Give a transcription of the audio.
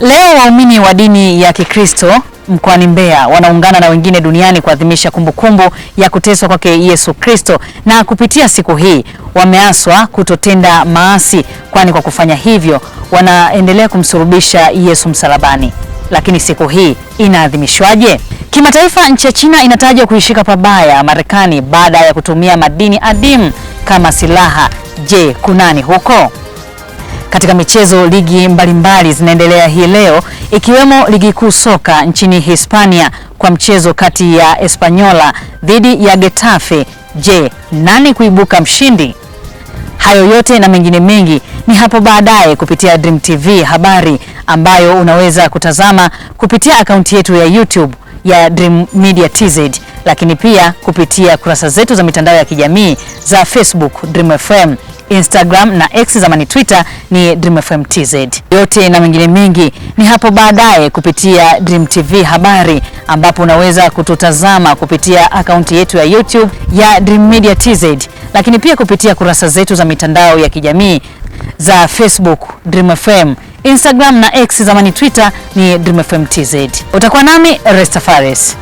Leo waumini wa dini ya Kikristo mkoani Mbeya wanaungana na wengine duniani kuadhimisha kumbukumbu ya kuteswa kwake Yesu Kristo, na kupitia siku hii wameaswa kutotenda maasi, kwani kwa kufanya hivyo wanaendelea kumsurubisha Yesu msalabani. Lakini siku hii inaadhimishwaje? Kimataifa, nchi ya China inatajwa kuishika pabaya Marekani baada ya kutumia madini adimu kama silaha. Je, kunani huko? katika michezo ligi mbalimbali zinaendelea hii leo ikiwemo ligi kuu soka nchini Hispania kwa mchezo kati ya Espanyola dhidi ya Getafe. Je, nani kuibuka mshindi? Hayo yote na mengine mengi ni hapo baadaye kupitia Dream TV Habari ambayo unaweza kutazama kupitia akaunti yetu ya YouTube ya Dream Media TZ, lakini pia kupitia kurasa zetu za mitandao ya kijamii za Facebook Dream FM Instagram na X zamani Twitter ni Dream FM TZ. Yote na mengine mengi ni hapo baadaye kupitia Dream TV Habari, ambapo unaweza kututazama kupitia akaunti yetu ya YouTube ya Dream Media TZ, lakini pia kupitia kurasa zetu za mitandao ya kijamii za Facebook Dream FM, Instagram na X zamani Twitter ni Dream FM TZ. Utakuwa nami Resta Fares.